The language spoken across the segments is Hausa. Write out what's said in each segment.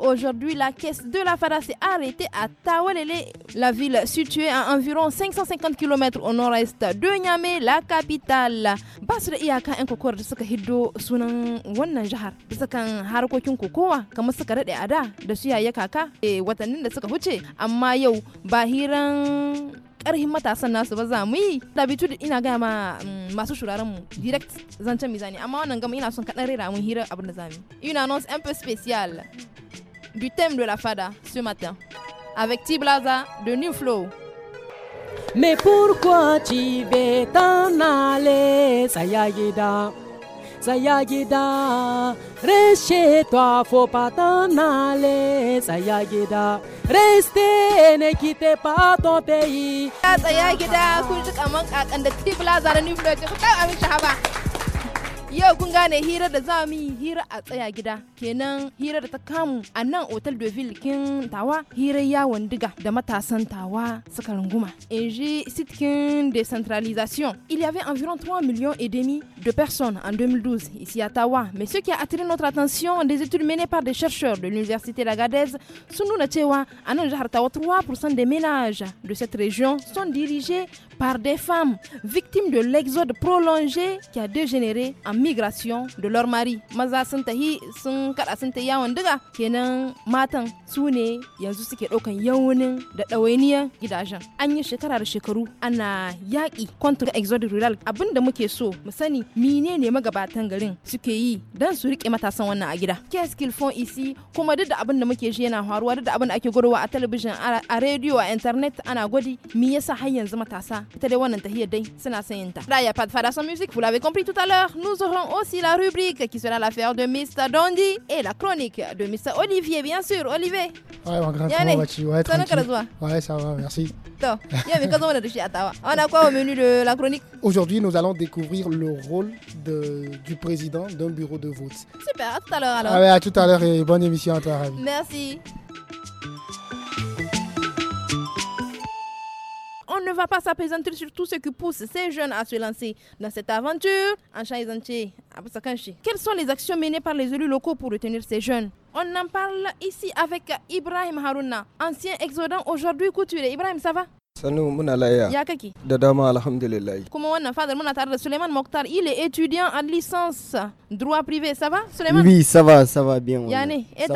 Aujourd'hui, la caisse de la Fada s'est arrêtée à Tawalele, la ville située à environ 550 km au nord-est de Niamey, la capitale. Basu da iyaka 'yan kokor da suka hiddo sunan wannan jahar da sukan harkokin kokowa kamar suka daɗe ada da su yaya kaka eh, watannin da suka huce amma yau ba hiran ƙarhin matasan nasu ba za mu yi dabitu ina ga ma mm, masu shuraren mu direct zancen mizani amma wannan gama ina son kaɗan rera mun hira abin da za mu un peu spéciale du thème de la fada ce matin avec Tiblaza de New Flow Mais pourquoi tu veux t'en aller, ça y est, zayagida gida reshe fo patanale tsaya gida reste ne kite pato peyi tsaya gida kun ji kaman kakan da tibla zara ni fulo ta amin shahaba yau kun gane hira da za mu yi hira a tsaya kenan hira da ta kamu a nan de ville kin tawa hirar yawon diga da matasan tawa suka runguma in décentralisation il y avait environ 3 millions et demi de personnes en 2012 ici à Tawa mais ce qui a attiré notre attention des études menées par des chercheurs de l'université d'Agadez Tawa 3% des ménages de cette région sont dirigés par des femmes victimes de l'exode prolongé qui a dégénéré en migration de leur mari. Maza sun tahi sun kada sun ta matin kenan matan su ne yanzu suke daukan shekara da shekaru ana Yaki, contre exode rural abunda muke so mu sani mine ne magabatan garin suke yi don su rike matasan Qu'est-ce qu'ils font ici kuma duk da abin na muke ji yana faruwa da a television, a internet ana godi, me sa har yanzu matasa il a pas de fada sans musique, vous l'avez compris tout à l'heure. Nous aurons aussi la rubrique qui sera l'affaire de Mr. Dondi et la chronique de Mr. Olivier, bien sûr. Olivier. Ouais, mon grand, comment vas ouais, ouais, ça va, merci. On a quoi au menu de la chronique Aujourd'hui, nous allons découvrir le rôle de, du président d'un bureau de vote. Super, à tout à l'heure alors. Ah ouais, à tout à l'heure et bonne émission à toi, Merci. ne va pas s'apaisantir sur tout ce qui pousse ces jeunes à se lancer dans cette aventure en Quelles sont les actions menées par les élus locaux pour retenir ces jeunes on en parle ici avec Ibrahim Haruna, ancien exodant aujourd'hui couturier. Ibrahim, ça va muna Mokhtar il est étudiant en licence droit privé ça va oui ça va ça va bien Et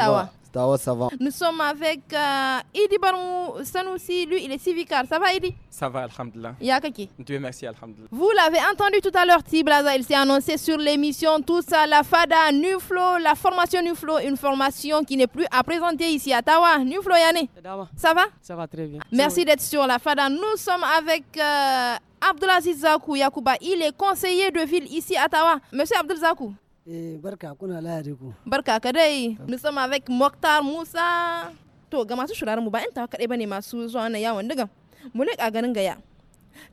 nous sommes avec euh, Idi Barou Sanoussi, lui il est civicar. Ça va Idi Ça va, Alhamdulillah. Yakaki Dieu merci, Alhamdulillah. Vous l'avez entendu tout à l'heure, Tiblaza, il s'est annoncé sur l'émission Tout ça, la FADA, Nuflo, la formation Nuflo, une formation qui n'est plus à présenter ici à Tawa. Nuflo Yane Ça va Ça va très bien. Merci d'être sur la FADA. Nous sommes avec... Euh, Abdelaziz Zakou Yakouba, il est conseiller de ville ici à Tawa. Monsieur Abdelaziz Zakou, Eh, barka kuna lahari ku. Barka ka dai. Musamman avec Mokhtar Musa. To ga masu shirarmu mu ba ta kaɗai ba ne masu zuwa wannan yawon diga. Mu leƙa garin gaya.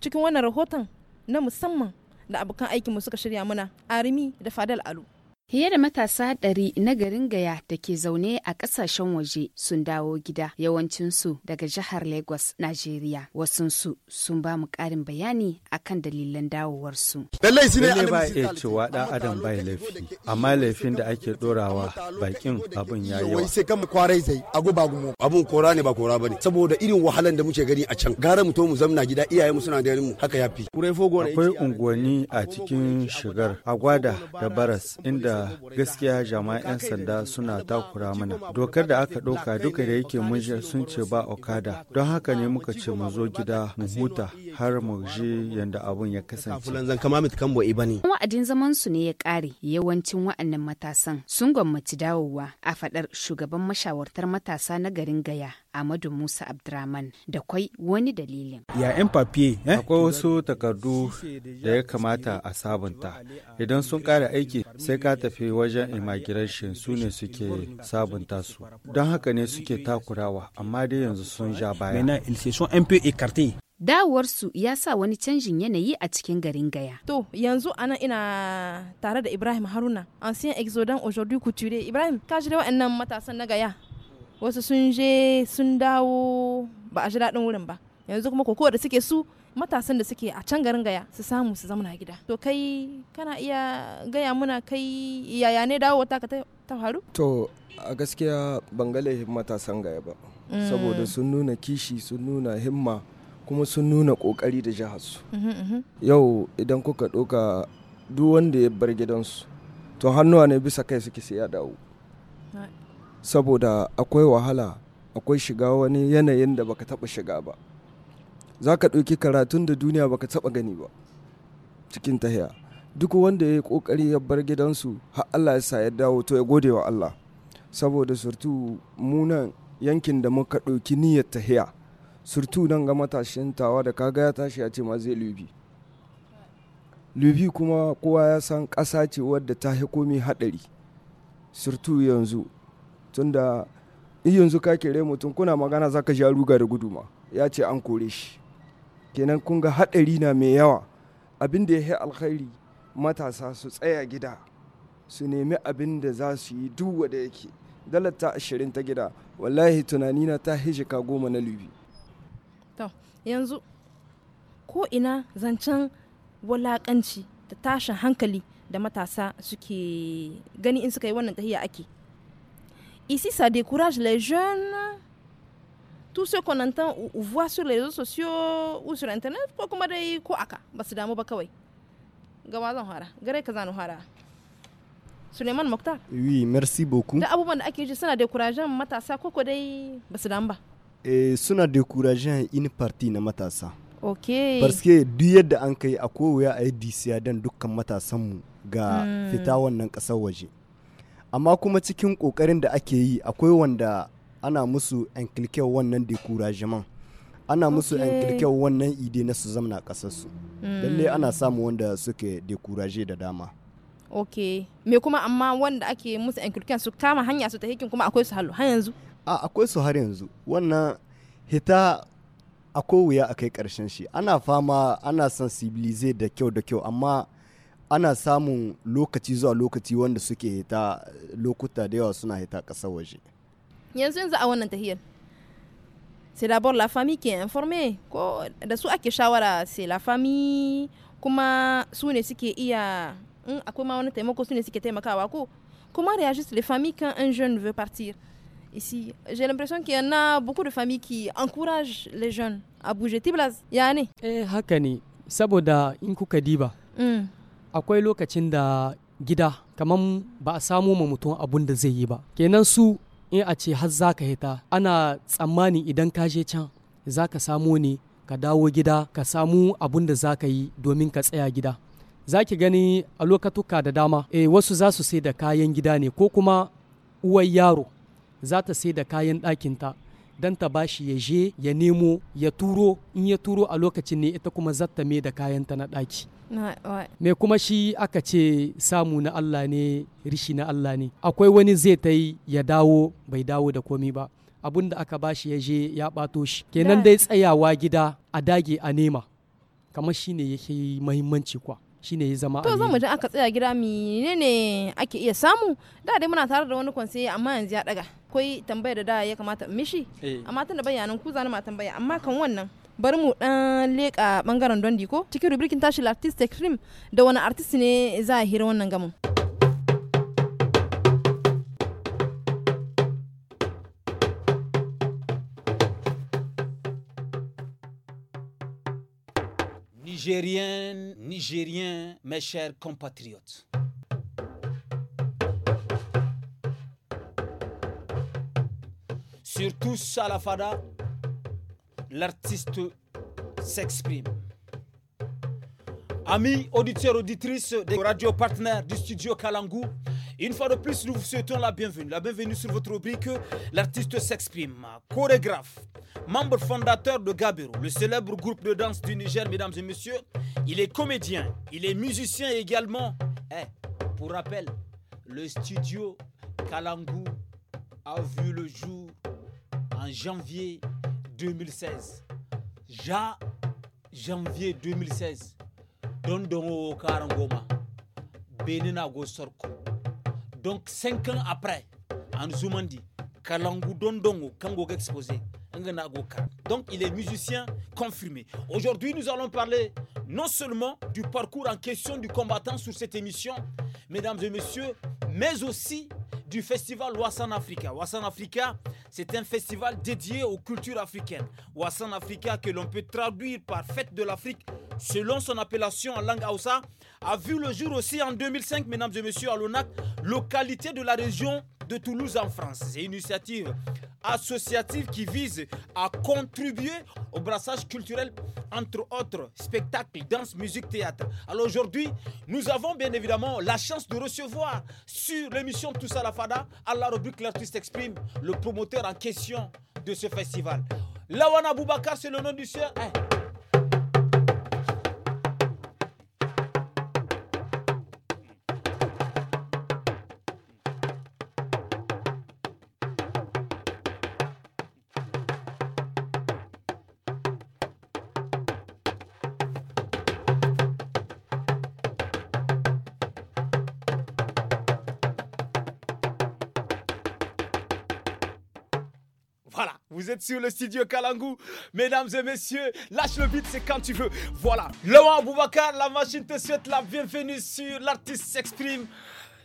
Cikin wannan rahoton na musamman da abokan aikinmu suka shirya mana Arimi da Fadal Alu. Fiye da matasa ɗari na garin Gaya da ke zaune a ƙasashen waje sun dawo gida yawancinsu daga jihar Lagos, Najeriya. Wasunsu sun ba mu ƙarin bayani akan dalilan dawowarsu. Lallai su ne ba iya cewa ɗan adam ya laifi, amma laifin da ake ɗorawa bakin abun ya yi. Sai Abun kora ne ba kora bane saboda irin wahalan da muke gani a can. Gara mu to mu zamna gida iyaye mu suna mu haka fi. Akwai unguwanni a cikin shigar Agwada da Baras inda gaskiya jama'a 'yan sanda suna takura mana. Dokar da aka ɗauka duka da yake mun sun ce ba okada. Don haka ne muka ce mu zo gida mu huta har mu je yanda abun ya kasance. Wa'adin zaman su ne ya ƙare yawancin wa'annan matasan sun gwammaci dawowa a faɗar shugaban mashawartar matasa na garin Gaya Amadu Musa Abdraman da kwai wani dalilin. Ya yan papiye, eh? akwai wasu takardu da ya kamata a sabunta. Idan sun ƙara aiki sai ka tafi wajen immigration su ne suke sabunta su. Don haka ne suke takurawa, amma dai yanzu sun ja baya. dawowarsu ya sa wani canjin yanayi a cikin garin gaya. To yanzu anan ina tare da Ibrahim Haruna, ancien exodant aujourd'hui couture. Ibrahim, ka shirya wa'annan matasan na gaya wasu sun je sun dawo ba a ji daɗin wurin ba yanzu kuma kokowa da suke su matasan da suke a can garin gaya su samu su zamana gida to kai kana iya gaya muna kai yaya ne dawo ta ta faru to a gaskiya ban gale matasan gaya ba mm. saboda sun nuna kishi sun nuna himma kuma sun nuna kokari da jiharsu mm-hmm, mm-hmm. yau idan kuka ɗauka duk wanda ya bar gidansu to hannuwa ne bisa kai suke sai ya dawo saboda akwai wahala akwai shiga wani yanayin da baka taba shiga ba za ka ɗauki karatun da duniya baka taba gani ba cikin tahiya duk wanda ya yi ƙoƙari ya bar gidansu har Allah ya sa ya dawo to ya gode wa Allah saboda surtu munan yankin da muka ɗauki niyyar tahiya surtu nan ga matashin tawa da kaga ya tashi ya ce ma zai lubi lubi kuma kowa ya san ƙasa ce wadda ta komi haɗari surtu yanzu tunda in yanzu ka kere mutum kuna magana za ka sha ruga da guduma ya ce an kore shi kenan kun ga haɗari na mai yawa abin da ya yi alkhairi matasa su tsaya gida su nemi abin da za su yi duk wanda yake dalar ta ashirin ta gida wallahi tunanina ta hijika goma na lubi to yanzu ko ina zancen walakanci da tashin hankali da matasa suke gani in suka yi wannan tahiya ake Ici, ça décourage les jeunes. Tout ce qu'on entend ou, voit sur les réseaux sociaux ou sur Internet, ko kuma dai ko aka ba su damu ba kawai. Gama zan hara, gare ka zanu hara. Suleiman Mokhtar. Oui, merci beaucoup. Da abubuwan da ake ji suna décourageant matasa ko ko dai ba su damu ba. Eh, suna décourageant une partie na matasa. Ok. Parce que duk yadda an kai akwai wuya a yi disiya don dukkan matasanmu ga mm. fita wannan ƙasar waje. amma kuma cikin ƙoƙarin da ake yi akwai wanda ana musu enkilkiyar wannan dekurajiman ana musu enkilkiyar wannan ide na su zamna ƙasarsu hmm. lalle ana samu wanda suke dekuraje da dama ok me kuma amma wanda ake musu enkilkiyar su kama hanya su ta hikin kuma akwai su halu har yanzu a akwai su har yanzu wannan hita akwai wuya a kai ƙarshen shi ana fama ana son sensibilize da kyau da kyau amma ana samun lokaci zuwa lokaci wanda suke hita lokuta da yawa suna hita ƙasar waje yanzu yanzu a wannan tahiyar c'est d'abord la famille qui est informée ko da su ake shawara c'est la famille kuma su ne suke iya in akwai ma wani taimako su ne suke taimakawa ko comment réagissent les familles quand un jeune veut partir ici j'ai l'impression qu'il y en a beaucoup de familles qui encouragent les jeunes à bouger tiblas yani eh haka saboda in kuka diba hmm. akwai lokacin da gida kamar ba a samu ma mutum abun da zai yi ba kenan su in a ce har za ka hita ana tsammani idan ka je can za ka samu ne ka dawo gida ka samu abun da za ka yi domin ka tsaya gida za ki gani a lokatuka da dama e, wasu za su sai da kayan gida ne ko kuma uwar yaro za ta sai da kayan ɗakinta don ta ba shi ya je ya nemo ya turo in ya turo a lokacin ne ita kuma zatta me da kayanta na ɗaki me kuma shi aka ce samu na Allah ne rishi na Allah ne akwai wani zai ta yi ya dawo bai dawo da komi ba abun da aka bashi ya je ya bato shi kenan dai tsayawa gida a dage a nema kamar ne yake mahimmanci kwa shi ne ya zama to zamu dan aka tsaya gida ne ake iya samu da dai muna tare da wani kwanse amma yanzu ya daga akwai tambayar da da ya kamata mishi eh. amma da bayanan ku zani ma tambaya amma kan wannan bari mu dan eh, leka bangaren dondi ko cikin rubrikin tashi artist cream da wani artist ne za a hira wannan gamin Nigérien, Nigériens, mes chers compatriotes. Surtout Salafada, l'artiste s'exprime. Amis auditeurs, auditrices des radios partenaires du studio Kalangu, une fois de plus, nous vous souhaitons la bienvenue. La bienvenue sur votre rubrique L'artiste s'exprime. Chorégraphe, membre fondateur de Gabero, le célèbre groupe de danse du Niger, mesdames et messieurs. Il est comédien, il est musicien également. Eh, pour rappel, le studio Kalangu a vu le jour en janvier 2016 janvier 2016 don dongo donc cinq ans après en Zoumandi, kalangu don dongo kango exposé donc il est musicien confirmé. Aujourd'hui, nous allons parler non seulement du parcours en question du combattant sur cette émission, mesdames et messieurs, mais aussi du festival Wassan Africa. Wassan Africa, c'est un festival dédié aux cultures africaines. Wassan Africa, que l'on peut traduire par Fête de l'Afrique, selon son appellation en langue Hausa, a vu le jour aussi en 2005, mesdames et messieurs, à l'ONAC, localité de la région de Toulouse en France. C'est une initiative associative qui vise à contribuer au brassage culturel entre autres spectacles, danse, musique, théâtre. Alors aujourd'hui, nous avons bien évidemment la chance de recevoir sur l'émission Tous à la Fada, à la rubrique L'artiste exprime, le promoteur en question de ce festival. Lawana Boubacar, c'est le nom du sœur. Vous êtes sur le studio Kalangu, mesdames et messieurs, lâche le beat, c'est quand tu veux. Voilà, Laurent Boubacar, la machine te souhaite la bienvenue sur l'artiste s'exprime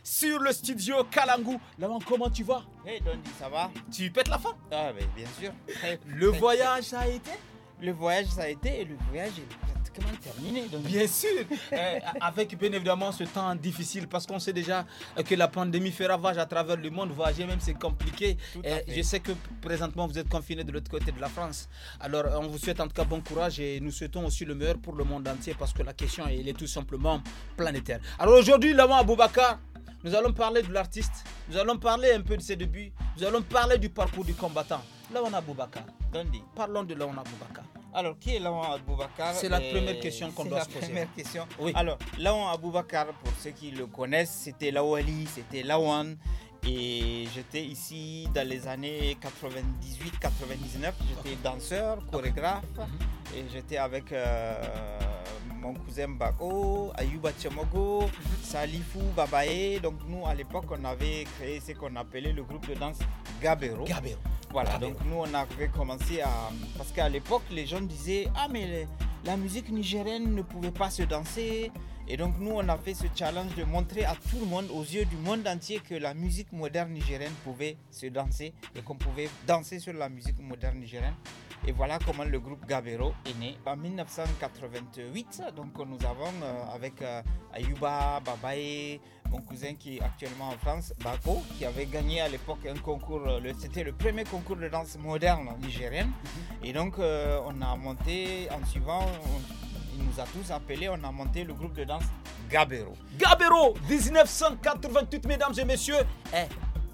sur le studio Kalangu. Laurent, comment tu vas Hey Dondi, ça va Tu pètes la fin Ah, mais bien sûr. le voyage, ça a été Le voyage, ça a été et le voyage, est terminé. Donc, bien sûr, eh, avec bien évidemment ce temps difficile, parce qu'on sait déjà que la pandémie fait ravage à travers le monde. Voyager même, c'est compliqué. Eh, je sais que présentement, vous êtes confiné de l'autre côté de la France. Alors, on vous souhaite en tout cas bon courage et nous souhaitons aussi le meilleur pour le monde entier, parce que la question, elle est tout simplement planétaire. Alors aujourd'hui, à Boubacar, nous allons parler de l'artiste, nous allons parler un peu de ses débuts, nous allons parler du parcours du combattant. Lawan à Gandhi, parlons de à Boubacar. Alors, qui est Lawan Aboubakar C'est la première question qu'on doit se poser. Première question. Alors, Lawan Aboubakar, pour ceux qui le connaissent, c'était Lawali, c'était Lawan. Et j'étais ici dans les années 98-99. J'étais danseur, chorégraphe. Mhm. Et j'étais avec euh, mon cousin Bako, Ayuba Chemogo, Salifu Babae, Donc nous, à l'époque, on avait créé ce qu'on appelait le groupe de danse Gabero. Gabero. Voilà, donc nous, on avait commencé à... Parce qu'à l'époque, les gens disaient, ah mais la musique nigérienne ne pouvait pas se danser. Et donc nous, on a fait ce challenge de montrer à tout le monde, aux yeux du monde entier, que la musique moderne nigérienne pouvait se danser et qu'on pouvait danser sur la musique moderne nigérienne. Et voilà comment le groupe Gabero est né en 1988. Donc nous avons euh, avec euh, Ayuba, Babae, mon cousin qui est actuellement en France, Bako, qui avait gagné à l'époque un concours, euh, c'était le premier concours de danse moderne nigérienne. Mm-hmm. Et donc on a monté en suivant il nous a tous appelés, on a monté le groupe de danse Gabero. Gabero, 1988, mesdames et messieurs. Eh,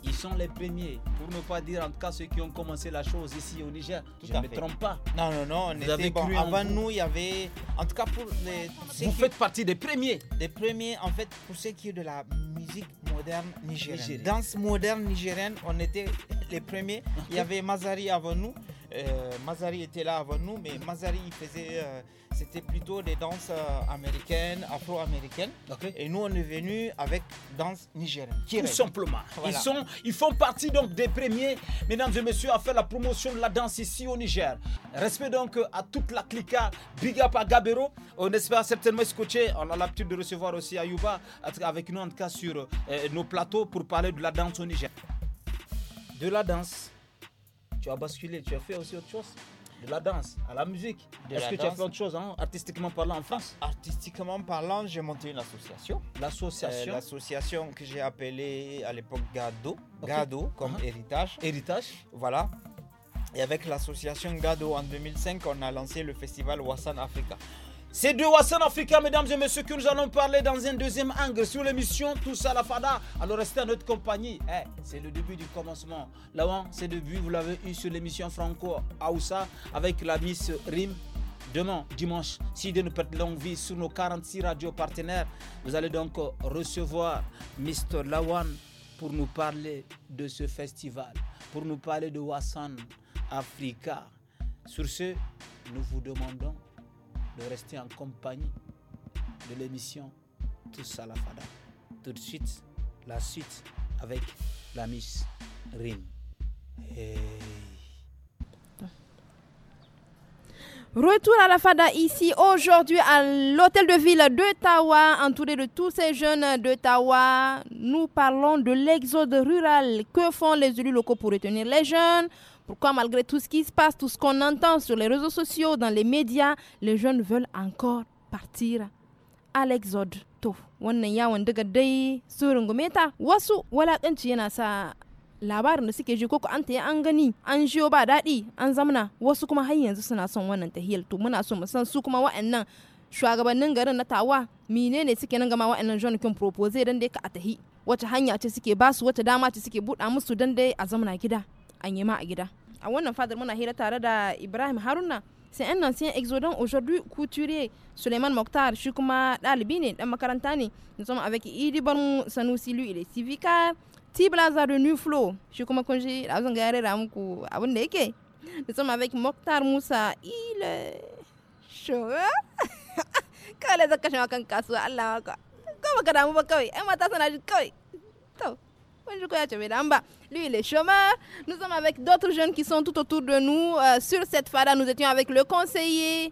ils sont les premiers, pour ne pas dire en tout cas ceux qui ont commencé la chose ici au Niger. je ne me trompe pas. Non, non, non, on Avant nous, il y avait. En tout cas, pour les. Vous faites partie des premiers. Des premiers, en fait, pour ceux qui est de la musique moderne nigérienne. Danse moderne nigérienne, on était les premiers. Il y avait Mazari avant nous. Euh, Mazari était là avant nous, mais Mazari faisait, euh, c'était plutôt des danses euh, américaines, afro-américaines. Et nous, on est venu avec danse nigérienne. Tout simplement. Ils, sont, ils font partie donc des premiers, mesdames et messieurs, à faire la promotion de la danse ici au Niger. Respect donc à toute la clica. Big up à Gabero. On espère certainement coacher On a l'habitude de recevoir aussi Ayuba avec nous, en tout cas, sur nos plateaux pour parler de la danse au Niger. De la danse tu as basculé, tu as fait aussi autre chose de la danse, à la musique. Est-ce que tu as fait autre chose, hein, artistiquement parlant, en France Artistiquement parlant, j'ai monté une association. L'association euh, L'association que j'ai appelée à l'époque Gado, Gado comme uh-huh. héritage. Héritage Voilà. Et avec l'association Gado en 2005, on a lancé le festival Wassan Africa. C'est de Wassan Africa, mesdames et messieurs, que nous allons parler dans un deuxième angle sur l'émission Tout à la Fada. Alors restez à notre compagnie. Eh, c'est le début du commencement. Lawan, c'est le début, vous l'avez eu sur l'émission Franco Aoussa avec la Miss Rim. Demain, dimanche, si Dieu nous perdons longue vie sur nos 46 radios partenaires, vous allez donc recevoir Mr. Lawan pour nous parler de ce festival, pour nous parler de Wassan Africa. Sur ce, nous vous demandons de rester en compagnie de l'émission Tous à la Fada. Tout de suite, la suite avec la Miss Rim. Retour à la FADA ici aujourd'hui à l'hôtel de ville d'Ottawa, entouré de tous ces jeunes d'Ottawa. Nous parlons de l'exode rural. Que font les élus locaux pour retenir les jeunes pourquoi malgré tout ce qui se passe, tout ce qu'on entend sur les réseaux sociaux, dans les médias, les jeunes veulent encore partir à l'exode. To, wannan yawon daga dai surin gumeta wasu walakanci yana sa labarin da suke ji koko an taya an gani an jiyo ba daɗi an zamna wasu kuma har yanzu suna son wannan tahiyar to muna so mu san su kuma wa'annan shugabannin garin na tawa menene suke nan gama wa'annan jean kin propose dan dai ka a tahi wata hanya ce suke ba su wata dama ce suke buɗa musu dan dai a zamna gida an a gida a wannan fadar muna hira tare da ibrahim haruna sai yan nan sai aujourd'hui couturier suleiman Moktar shi kuma ɗalibi ne dan makaranta ne avec idi sanusi lui ile civica ti blaza de new flow shi kuma kun shi da zan gare da muku abin da yake musamman avec mokhtar musa il showa hein? kala zaka shi kan kasuwa allah maka ko baka damu ba kai ai mata sana ji kai to lui, il est chômeur. Nous sommes avec d'autres jeunes qui sont tout autour de nous. Euh, sur cette fada, nous étions avec le conseiller,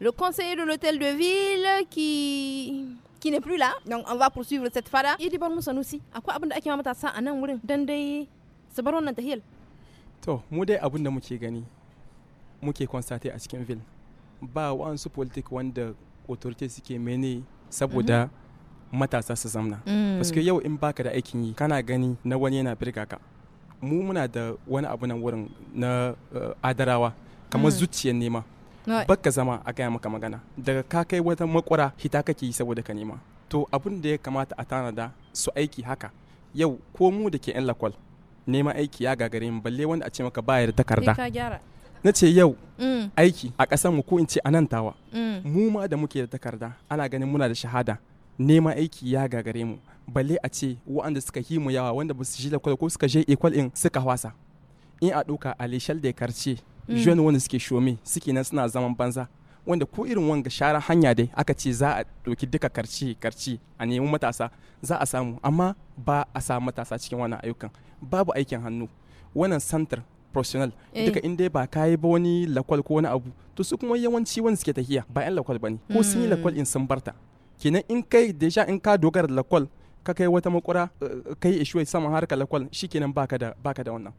le conseiller de l'hôtel de ville qui qui n'est plus là. Donc, on va poursuivre cette fada. Il dit bon, nous sommes aussi. À quoi abonne ake mamata sa anan wurin dan dai sabaron nan tahiyal. To, mu dai abin da muke gani muke constate a cikin ville. Ba wa'ansu politik wanda autorité suke mene saboda mm matasa su zamna mm. paske yau in baka da aikin yi kana gani na wani yana birga ka mu muna da wani abu nan wurin na eh, adarawa kamar mm. zuciyar nema baka zama a gaya maka magana daga ka kai wata makwara hita kake yi saboda ka nema to abin da ya kamata a tanada su aiki haka yau ko mu da ke yan lakwal nema aiki ya gagare mu balle wanda a ce maka bayar takarda na ce yau mm. aiki a ƙasar mu ko in ce a nan tawa mu ma da muke da takarda ana ganin muna da shahada nema aiki ya gagare mu balle a ce waɗanda suka yi mu yawa wanda ba su shi lakwal ko suka je equal in suka wasa in a ɗauka a leshal da karce mm. jeune wanda suke shome suke nan suna zaman banza wanda ko irin wanga shara hanya dai aka ce za a ɗauki duka karce karce a nemi matasa za a samu amma ba a samu matasa cikin wannan ayyukan babu aikin hannu wannan santar professional eh. duka in dai ba ka yi ba wani lakwal ko wani abu to su kuma yawanci wanda suke tafiya ba 'yan lakwal ba ne ko mm. sun yi lakwal in sun barta kenan in kai deja in ka dogara da lakwal ka kai wata makura eh, ka yi sama har ka lakwal shi kenan baka da wannan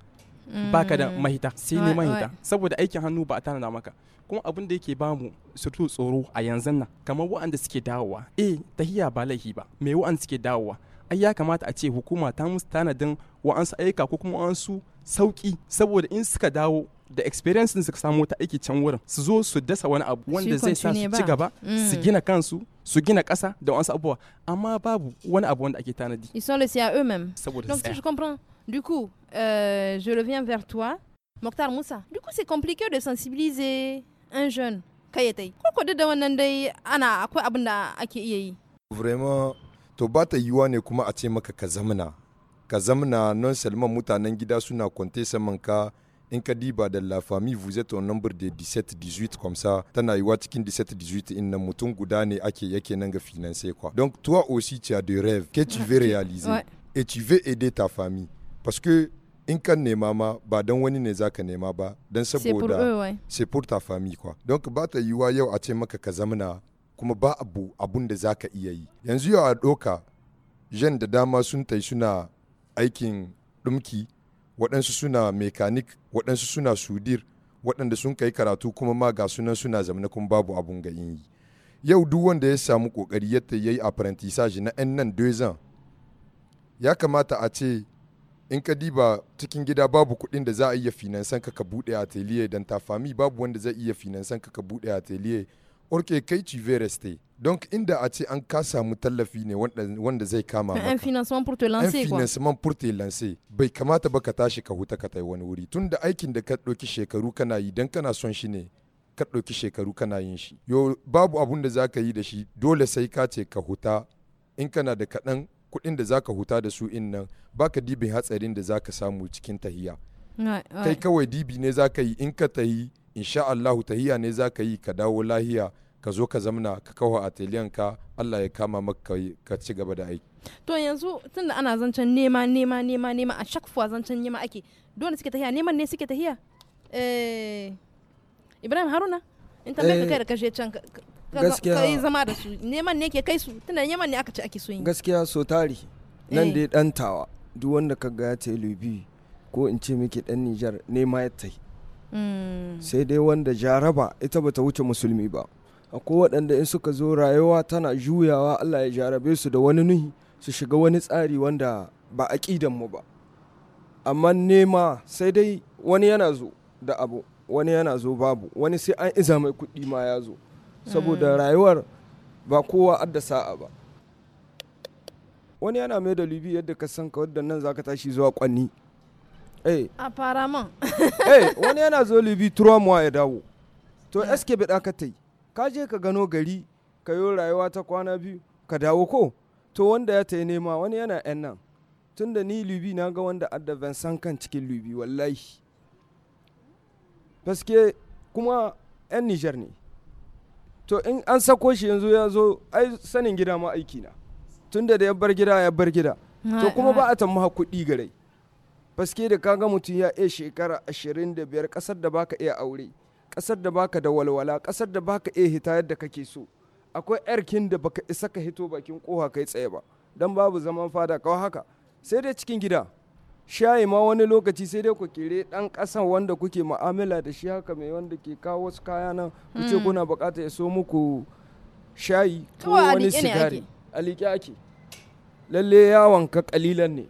baka da mahita sai ne mahita saboda aikin hannu ba a tanada maka kuma abin da yake bamu surtu tsoro a yanzu nan kamar waɗanda suke dawowa eh tahiya ba laifi ba me waɗanda suke dawowa ai ya kamata a ce hukuma ta musu tanadin wa'ansu ayyuka ko kuma wa'ansu sauki saboda in suka dawo da experience suka samu wata aiki can wurin su zo su dasa wani abu wanda zai sa su ci gaba su mm. gina kansu su gina ƙasa da wasu abubuwa amma babu wani abu wanda ake tanadi ils sont laissés à eux-mêmes donc si je comprends du coup euh, je reviens vers toi Mokhtar Moussa du coup c'est compliqué de sensibiliser un jeune kayatai ko ko da wannan dai ana akwai abin da ake iya yi vraiment to ba ta yiwuwa ne kuma a ce maka ka zamna ka zamna non seulement mutanen gida suna kwante saman ka la famille vous êtes au nombre de 17 18 comme ça tana 17 18 in ake donc toi aussi tu as des rêves que tu veux réaliser et tu veux aider ta famille parce que in nema bah, ma ba wani c'est pour ta famille quoi donc ba ta a ba abu Abundezaka zaka iya yi dama dumki waɗansu suna mekanik waɗansu suna sudir waɗanda sun kai karatu kuma ma ga sunan suna zamana kuma babu abun ga yin yi yau duk wanda ya samu kokari yadda ya yi apprentissage na 'yan nan dozan ya kamata a ce in ka diba cikin gida babu kuɗin da za a iya finansan ka ka buɗe atelier don ta fami babu wanda zai iya finansan ka ka buɗe atelier Ok, kai tu veux rester donc inda a ce an ka samu tallafi ne wanda zai kama un financement pour te lancer un financement pour te lancer bai kamata ba ka tashi ka huta ka tai wani wuri tunda aikin da ka shekaru kana yi dan kana son shi ne ka shekaru kana yin shi yo babu abun da zaka yi da shi dole sai ka ce ka huta in kana da kaɗan kuɗin da zaka huta da su in nan baka dibin hatsarin da zaka samu cikin tahiya kai kawai dibi ne za ka yi in ka tayi insha Allahu tahiya ne za ka yi ka dawo lahiya ka zo ka zamna ka kawo a ka Allah ya kama maka ka ci gaba da aiki to yanzu tunda ana zancen nema nema nema nema a shakfuwa zancen nema ake dole suke tahiya neman ne suke tahiya eh Ibrahim Haruna in ta ka eh, kai da kashe can ka yi zama da su neman ne ke kai su tunda neman ne aka ci ake so yi gaskiya so tari nan eh. dai dantawa duk wanda ka ga ya ce lubi ko in ce miki dan Nijar nema ya tai mm. sai dai wanda jaraba ita bata wuce musulmi ba akwai waɗanda in suka zo rayuwa tana juyawa Allah ya jarabe su da wani nuhi su shiga wani tsari wanda ba aƙidan mu ba amma nema sai dai wani yana zo da abu wani yana zo babu wani sai an iza mai kuɗi ma ya zo saboda mm. rayuwar ba kowa adda sa'a ba wani yana mai da yadda ka san ka wadda nan za ka tashi zuwa kwanni eh apparemment eh wani yana zo libi 3 mois ya dawo to eske bi ka yi ka je ka gano gari ka yi rayuwa ta kwana biyu ka dawo ko to wanda ya ta nema wani yana yan nan tun da ni libi na ga wanda adda ban san kan cikin libi wallahi que kuma yan nijar ne to in an sako shi yanzu ya zo ai sanin gida ma aiki na tun da ya bar gida ya bar gida to kuma ba a tamma kuɗi garai Faske da kaga mutum ya iya shekara ashirin da biyar kasar da baka iya aure, ƙasar da baka da walwala, kasar da baka iya hita yadda kake so. Akwai yarkin da baka isa ka hito bakin ƙoha kai tsaye ba, dan babu zaman fada kawai haka. Sai dai cikin gida, shayi ma wani lokaci sai dai ku kere ɗan ƙasan wanda kuke mu'amala da shi haka mai wanda ke kawo wasu kaya nan, ku ce hmm. kuna buƙatar ya so muku shayi ko wani sigari. Ali ake. Lalle yawon ka ƙalilan ne.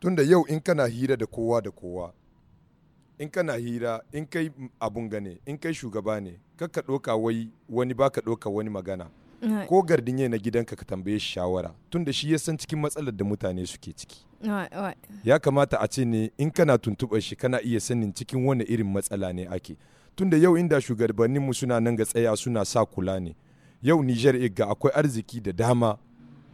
tunda yau in kana hira da kowa da kowa in kana hira in kai abun gane in kai shugaba ne ka ɗoka wai wani baka ɗoka wani magana ko gardin yai na gidanka ka tambaye shi shawara tunda shi ya san cikin matsalar da mutane suke ciki ya kamata a ce ne in kana tuntuɓa shi kana iya sanin cikin wani irin matsala ne ake tunda yau inda shugabanninmu suna nan ga tsaya suna sa kula ne yau nijar eh, ga akwai arziki da dama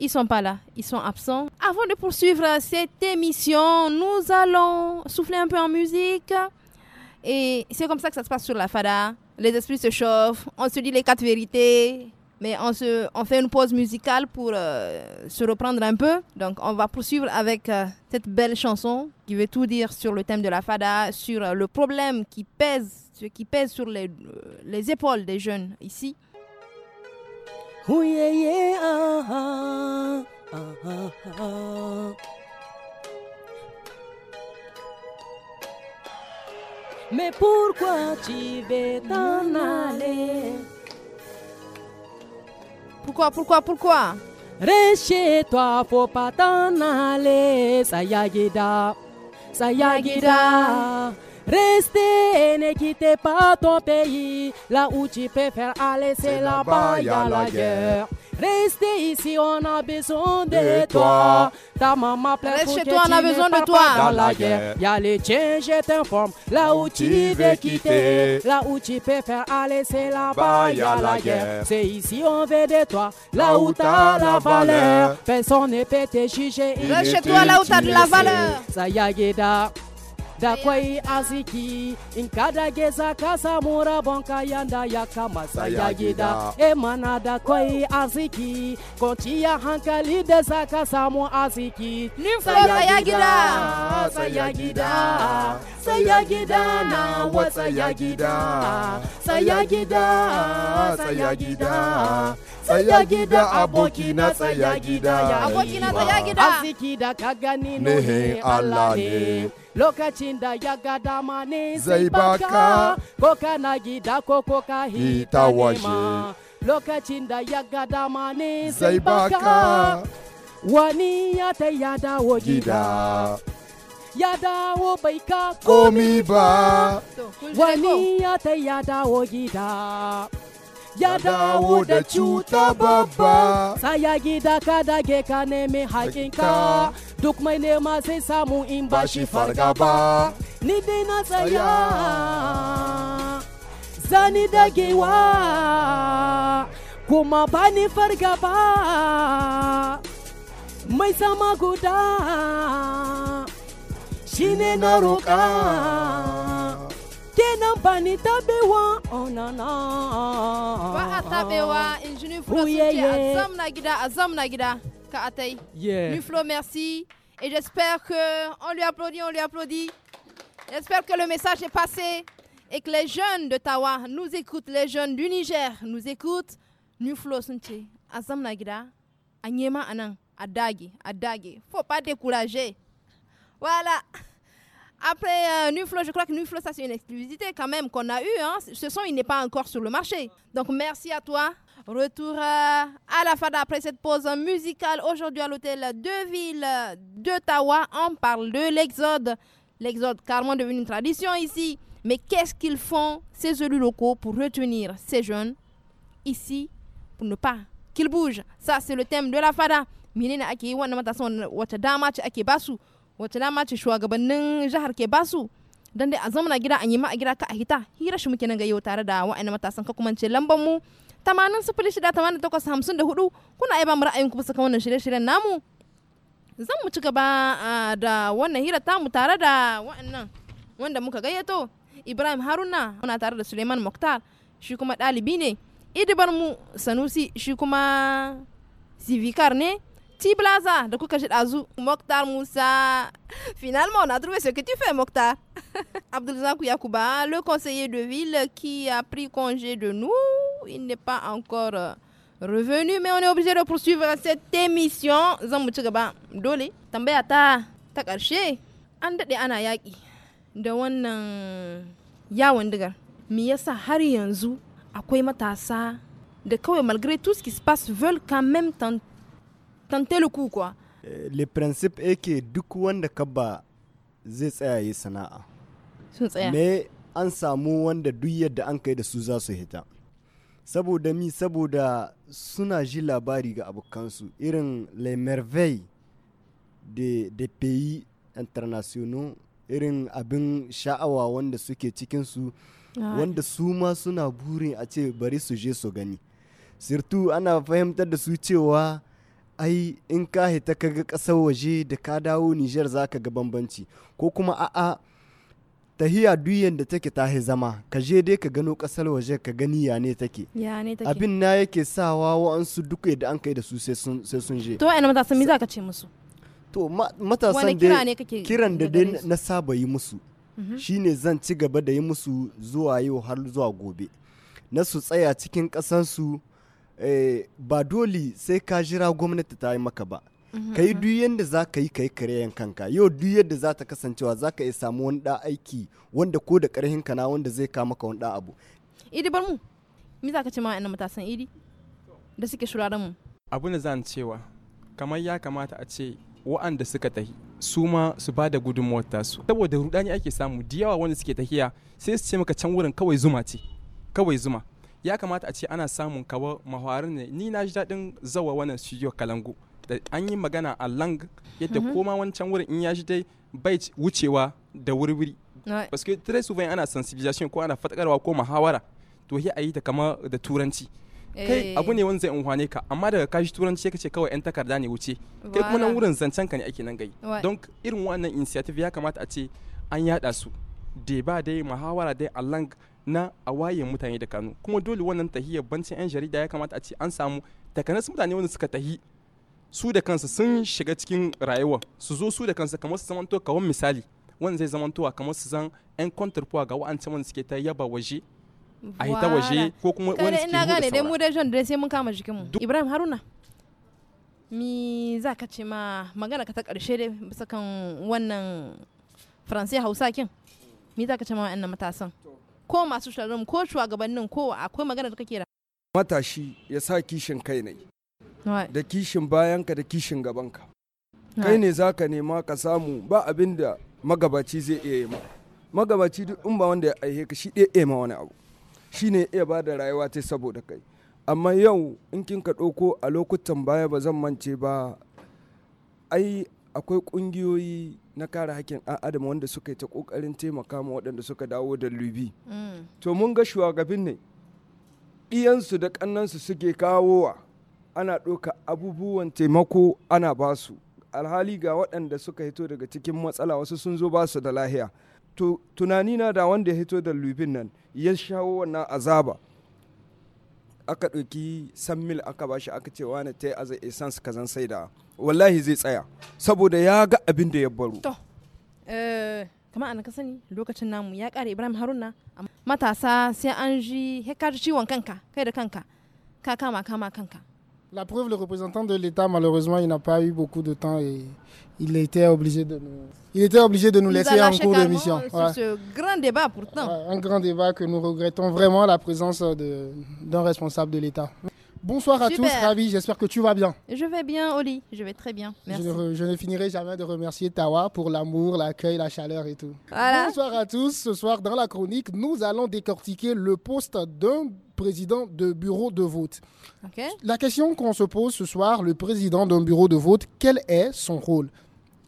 ils sont pas là, ils sont absents. Avant de poursuivre cette émission, nous allons souffler un peu en musique. Et c'est comme ça que ça se passe sur la Fada. Les esprits se chauffent, on se dit les quatre vérités, mais on, se, on fait une pause musicale pour euh, se reprendre un peu. Donc on va poursuivre avec euh, cette belle chanson qui veut tout dire sur le thème de la Fada, sur euh, le problème qui pèse, ce qui pèse sur les, les épaules des jeunes ici. Mais pourquoi tu veux t'en aller Pourquoi, pourquoi, pourquoi Reste toi, faut pas t'en aller, ça y a guida, ça y a guida. Restez et ne quittez pas ton pays. Là où tu faire aller, c'est là-bas, il y a la guerre. Restez ici, on a besoin de toi. Ta maman pleure Reste chez toi, on a besoin de toi. Dans la guerre, y a les tiens, je t'informe. Là où tu veux quitter, là où tu faire aller, c'est là-bas, y la guerre. C'est ici, on veut de toi. Là où t'as la valeur, personne ne peut te juger. Reste chez toi, là où t'as de la valeur. Ça y da kwai aziki in ka dage za ka samu rabon kayan da ya kama tsaya gida e mana da kwai aziki kwanciya hankali da za ka samu aziki saya gida saya gida saya gida na wa gida gida gida tsaya gida aboki na tsaya gida aboki na tsaya gida da ka gani ne Allah ne lokacin da ya ga dama ne zai baka ko kana gida ko ko ka hita washe lokacin da ya ga dama ne zai baka wani ya ta ya dawo gida ya dawo bai ka komi ba wani ya ta ya dawo gida ya dawo da cuta babba saya gida ka dage ka nemi ka. duk mai nema sai samu in ba shi fargaba ni dai na tsaya zani dagewa kuma bani fargaba mai sama guda shine na roƙa dena banita bewa onana oh, ba ata bewa injini flo azam nagida, gida azam nagida, gida ka atay yeah. Luflo merci et j'espère que on lui applaudit on lui applaudit j'espère que le message est passé et que les jeunes de Tawa nous écoutent les jeunes du Niger nous écoutent Nuflo sunti azam nagida. gida anyema anan adagi adagi faut pas décourager voilà après euh, Nuflo, je crois que Nuflo, ça c'est une exclusivité quand même qu'on a eu. Hein. Ce son, il n'est pas encore sur le marché. Donc merci à toi. Retour euh, à la fada après cette pause musicale. Aujourd'hui à l'hôtel de ville d'Ottawa, on parle de l'exode. L'exode carrément devenu une tradition ici. Mais qu'est-ce qu'ils font, ces élus locaux, pour retenir ces jeunes ici, pour ne pas qu'ils bougent Ça, c'est le thème de la fada. Minina wace dama ce shugabannin jihar ke basu don dai a zamana gida an yi ma a gida ka a hita hira shi muke nan ga yau tare da wa'annan matasan ka kuma ce lamban mu tamanin sifili shida tamanin takwas hamsin da hudu kuna iya mu ra'ayin ku bisa kan wannan shirye-shiryen namu zan mu ci gaba da wannan hira tamu tare da wa'annan wanda muka gayyato ibrahim haruna muna tare da suleiman muktar shi kuma ɗalibi ne idibar mu sanusi shi kuma civicar ne Si blaza de azu shi Azou, Mokhtar Moussa. Finalement, on a trouvé ce que tu fais, Mokhtar. Abdulzak Yakuba, le conseiller de ville qui a pris congé de nous, il n'est pas encore euh, revenu, mais on est obligé de poursuivre cette émission. Zamu ci gaba. Dole, tambaya ta ta de An daɗe ana yaƙi da wannan yawon digar. yasa har yanzu akwai matasa de malgré tout ce qui se passe veulent quand même tenter tenter le coup quoi. Eh, le principe est que duk wanda ka zai yi sana'a. Sun Me an samu wanda duk yadda an kai da su za su hita. Saboda mi saboda suna ji labari ga abokansu irin le merveille de, de pays internationaux irin abin sha'awa wanda suke cikinsu ah, wanda su ma suna burin a ce bari su je su gani. Sirtu ana fahimtar da su cewa ai in ka hita ka ga ƙasar waje da ka dawo Nijar za ka ga bambanci ko kuma a'a tahiya duyan da take ta zama ka je dai ka gano ƙasar waje ka gani ya ne take abin na yake sawa wa'ansu duka da an kai da su sai sun je to wa'annan matasan mi za ka ce musu to matasan dai kiran da dai na saba yi musu mhm. shine zan ci gaba da yi musu zuwa yau har zuwa gobe na su tsaya cikin ƙasansu Eh, ba dole sai ka jira gwamnati ta yi maka ba mhm, ka yi mhm. duk yadda za ka yi ka yi karyan kanka yau duk yadda za ta kasancewa za ka iya samu wani ɗan aiki wanda ko da ƙarfin ka na wanda zai kama ka wani ɗan abu idi bar mu mi za ka ce ma wa'annan matasan idi da suke shuraren mu abu da zan cewa kamar ya kamata a ce wa'anda suka tahi su ma su ba da gudunmuwar tasu saboda rudani ake samu da yawa wanda suke tahiya sai su ce maka can wurin kawai zuma ce kawai zuma ya kamata a ce ana samun kawo mahawarin ne ni na ji daɗin zawa wannan studio kalangu da an yi magana a lang yadda mhm. koma wancan wurin in ya ji dai bai wucewa da wuri-wuri parce que très souvent ana sensibilisation ko ana fatakarwa ko muhawara to a yi ta kama da turanci kai eh. abu ne wanda zai unhwane ka amma daga kashi turanci ka ce kawai yan takarda ne wuce kai kuma nan wurin zancen ka ne ake nan gai don irin wannan initiative ya kamata a ce an yada su dai ba dai muhawara dai a lang na a waye mutane da kanu kuma dole wannan tahiyar bancin 'yan jarida ya kamata a ce an samu takanas mutane wanda suka tahi su da kansu sun shiga cikin rayuwa su zo su da kansu kamar su zamanto kawan misali wanda zai zamantowa kamar su zan 'yan kwantarfuwa ga wa'ancan wanda suke ta yaba waje a hita waje ko kuma wani suke ina gane dai mu da sai mun kama jikinmu ibrahim haruna mi za ka ce ma magana ka ta karshe dai bisa kan wannan faransai hausa kin mi za ka ce ma wa'annan matasan ko masu shirarin ko shugabannin ko akwai magana da kake da matashi ya sa kishin kai ne da kishin bayanka da kishin gabanka kai ne za ka nema ka samu ba abin da magabaci zai iya yi ma magabaci duk in ba wanda ya aihe ka shi ɗaya ma wani abu shi ne iya ba da rayuwa ta saboda kai amma yau in kin ka ɗauko a lokutan baya ba zan mance ba ai akwai kungiyoyi na kare hakkin ɗan adam wanda suka yi ta kokarin taimaka ma waɗanda suka dawo da lubi mm. to mun ga shugabin ne ɗiyansu da ƙannansu suke kawowa ana ɗauka abubuwan taimako ana basu alhali ga waɗanda suka hito daga cikin matsala wasu sun zo basu da lahiya to tunanina da wanda ya hito da lubin nan ya shawo wannan azaba aka ɗauki san mil aka bashi aka ce wani ta yi aza essence kazan sai da wallahi zai tsaya saboda ya ga abin da ya baro to eh, kama an ka sani lokacin namu ya ƙare ibrahim haruna matasa sai an ji ka ji ciwon kanka kai da kanka ka kama kama kanka La preuve, le représentant de l'État, malheureusement, il n'a pas eu beaucoup de temps et il était obligé de nous, il était obligé de nous laisser en cours de mission. Euh, ce grand débat pourtant. un grand débat que nous regrettons vraiment la présence d'un responsable de l'État. Bonsoir à tous, ravi, j'espère que tu vas bien. Je vais bien, Oli, je vais très bien. Merci. Je, ne, je finirai jamais de remercier Tawa pour l'amour, l'accueil, la chaleur et tout. Bonsoir à tous, ce soir dans la chronique, nous allons décortiquer le poste d'un président de bureau de vote. La question qu'on se pose ce soir, le président d'un bureau de vote, quel est son rôle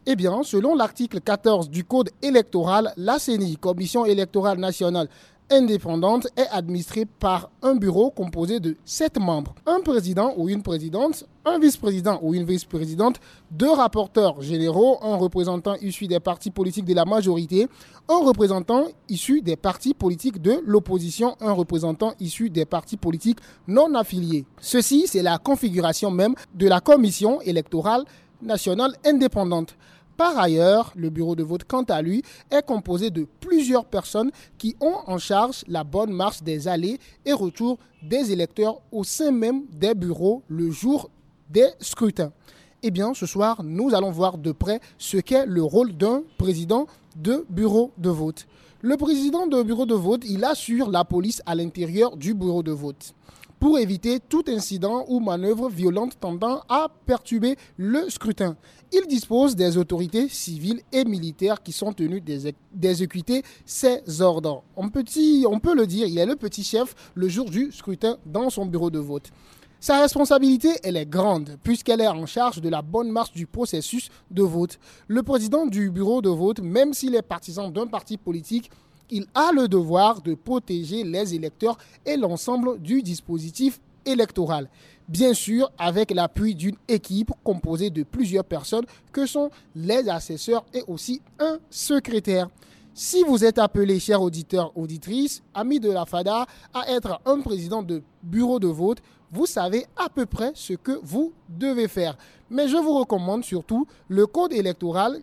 eh bien, selon l'article 14 du Code électoral, la CENI, Commission électorale nationale indépendante, est administrée par un bureau composé de sept membres. Un président ou une présidente un vice-président ou une vice-présidente, deux rapporteurs généraux, un représentant issu des partis politiques de la majorité, un représentant issu des partis politiques de l'opposition, un représentant issu des partis politiques non affiliés. Ceci, c'est la configuration même de la commission électorale nationale indépendante. Par ailleurs, le bureau de vote, quant à lui, est composé de plusieurs personnes qui ont en charge la bonne marche des allées et retours des électeurs au sein même des bureaux le jour des scrutins. Eh bien, ce soir, nous allons voir de près ce qu'est le rôle d'un président de bureau de vote. Le président de bureau de vote, il assure la police à l'intérieur du bureau de vote pour éviter tout incident ou manœuvre violente tendant à perturber le scrutin. Il dispose des autorités civiles et militaires qui sont tenues d'exécuter ses ordres. On peut, on peut le dire, il est le petit chef le jour du scrutin dans son bureau de vote. Sa responsabilité, elle est grande, puisqu'elle est en charge de la bonne marche du processus de vote. Le président du bureau de vote, même s'il est partisan d'un parti politique, il a le devoir de protéger les électeurs et l'ensemble du dispositif électoral. Bien sûr, avec l'appui d'une équipe composée de plusieurs personnes que sont les assesseurs et aussi un secrétaire. Si vous êtes appelé, chers auditeurs, auditrices, amis de la FADA, à être un président de bureau de vote, vous savez à peu près ce que vous devez faire. Mais je vous recommande surtout le code électoral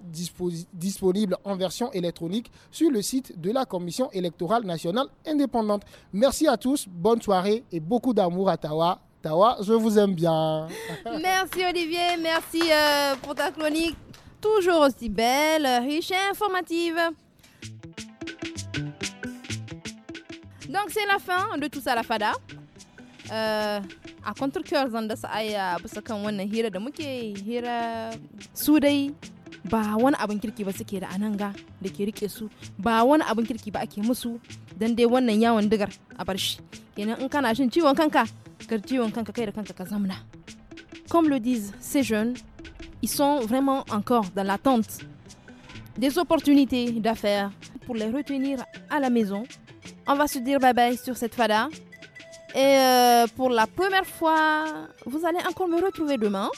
disponible en version électronique sur le site de la Commission électorale nationale indépendante. Merci à tous, bonne soirée et beaucoup d'amour à Tawa. Tawa, je vous aime bien. merci Olivier, merci euh, pour ta chronique. Toujours aussi belle, riche et informative donc c'est la fin de tout ça la fada euh, a contre-cœur zanda dasa aya bisa kan wannan hira da muke hira su dai ba wani abin kirki ba suke da anan ga da ke rike su ba wani abin kirki ba ake musu dan dai wannan yawon digar a bar shi kenan in kana shin ciwon kanka kar ciwon kanka kai da kanka ka zamna comme le disent ces jeunes ils sont vraiment encore dans l'attente des opportunités d'affaires pour les retenir à la maison. On va se dire bye bye sur cette fada. Et euh, pour la première fois, vous allez encore me retrouver demain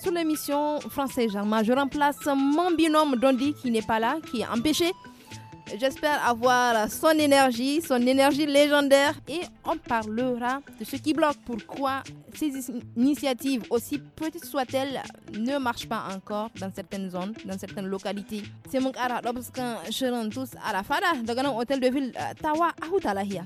sur l'émission Français Germain. Je remplace mon binôme Dondi qui n'est pas là, qui est empêché J'espère avoir son énergie, son énergie légendaire et on parlera de ce qui bloque, pourquoi ces initiatives, aussi petites soient-elles, ne marchent pas encore dans certaines zones, dans certaines localités. C'est mon cas, je tous à la fada, dans un hôtel de ville, euh, Tawa, Ahoutalahia.